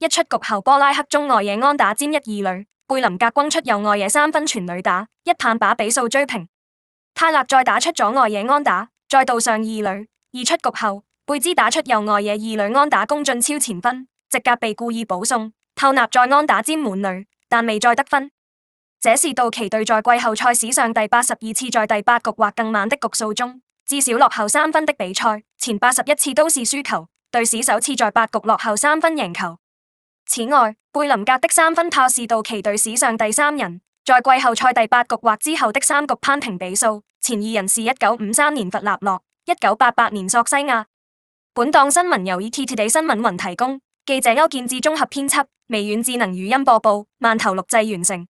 一出局後，波拉克中外野安打占一二壘，貝林格轟出右外野三分全壘打，一棒把比數追平。泰納再打出左外野安打，再度上二壘。二出局後，貝茲打出右外野二壘安打，攻進超前分，席格被故意保送。透納再安打占滿壘，但未再得分。這是道奇隊在季後賽史上第八十二次在第八局或更晚的局數中至少落後三分的比賽，前八十一次都是輸球，隊史首次在八局落後三分贏球。此外，貝林格的三分炮是道奇隊史上第三人，在季後賽第八局或之後的三局扳平比數，前二人是一九五三年佛納洛、一九八八年索西亞。本檔新聞由 ETtoday 新聞雲提供，記者歐建志綜合編輯，微軟智能語音播報，萬頭錄製完成。